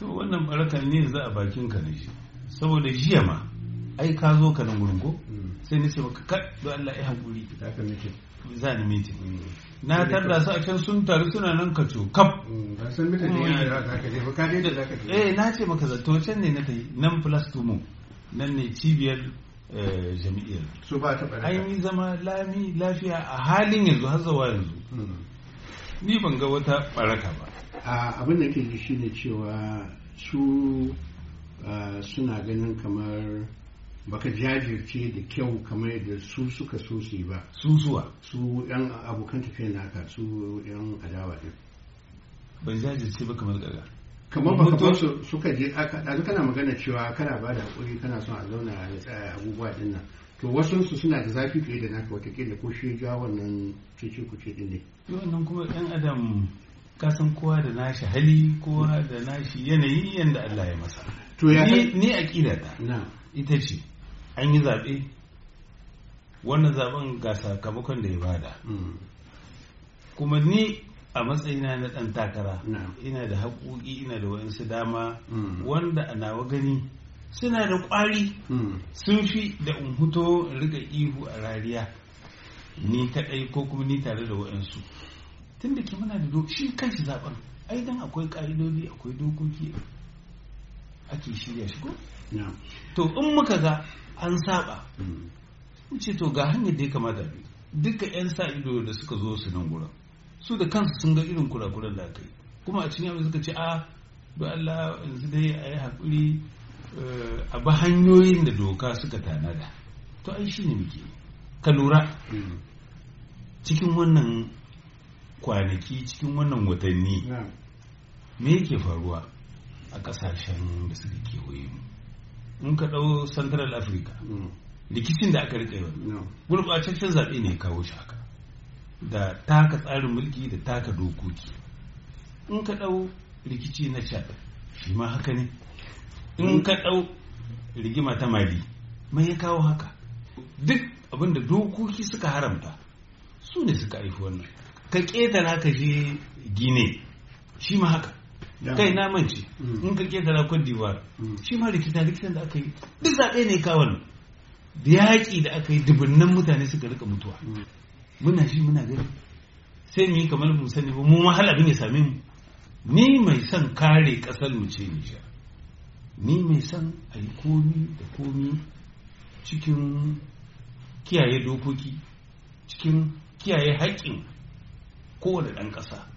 to wannan barakan ne za a bakin ka ne shi saboda jiya ma ai ka zo ka nan gurin ko sai ni ce maka kai don Allah ya hankuri za ni miti mm. na tarda su a can sun taru suna nan ka co kaf mm, san mita ne da za ka je ka je da za ka je eh na ce maka zato can ne na kai nan plus to mu nan ne cibiyar eh, jami'ar su ba ta ai yi zama lami lafiya a halin yanzu har zuwa yanzu mm. ni ban ga wata baraka ba abin da ke shi ne cewa su suna ganin kamar baka jajirce da kyau kamar yadda su suka so su yi ba zuwa su yan abokan tafiya na naka su yan adawa din ban jajirce ba kamar gaga kamar baka ba su suka je aka kana magana cewa kana ba da hakuri kana son a zauna a abubuwa din nan to wasansu suna da zafi fiye da naka watakila ko shi ja wannan cece ce din ne wannan kuma ɗan adam kasan kowa da nashi hali kowa da nashi yanayi yanda Allah ya masa to ya ni aqida ta ita ce an yi zaɓe wannan zaben ga sakamakon da ya bada mm. kuma ni a matsayina na ɗan takara ina da haƙoƙi ina da wa'insu dama mm. wanda a nawa gani suna da ƙwari hmm. sun fi da in riga ihu a rariya ni kaɗai ko kuma ni tare da waɗansu tun da ke muna da doki shi kanshi zaɓen aidan akwai ƙa'idodi akwai dokoki ake shirya shi ko to in muka ga an saba hmm. ce to ga hanyar da ya kamata bi duka 'yan sa ido da suka zo su nan gurin su da kansu sun ga irin kurakuran da aka yi kuma a cikin abin suka ce a ah, do Allah yanzu dai a yi haƙuri Eh, a bi hanyoyin da doka suka tanada to ai shi ne muke ka lura hmm. cikin wannan kwanaki cikin wannan watanni hmm. me yake faruwa a kasashen da suka kewaye mu in ka ɗau central africa hmm. rikicin da aka rike ba gurɓataccen zaɓe ne kawo shi haka da taka tsarin mulki da taka dokoki in ka ɗau rikici na chad shi ma haka ne in ka ɗau rigima ta mali mai ya kawo haka duk abinda dokoki suka haramta su ne suka haifi wannan ka ƙetara ka je gine shi ma haka kai na mance mm. in ka ƙetara kwan diwar mm. shi ma rikita rikitan da aka yi duk zaɓe ne kawo da yaƙi da aka yi dubunnan mutane suka rika mutuwa mm. muna shi muna gani sai mu yi kamar mu sani ba mu ma hal abin ya same mu ni mai son kare ƙasar mu ce Nijar ni mai son a yi komi da komi cikin kiyaye dokoki cikin kiyaye haƙƙin kowane ɗan ƙasa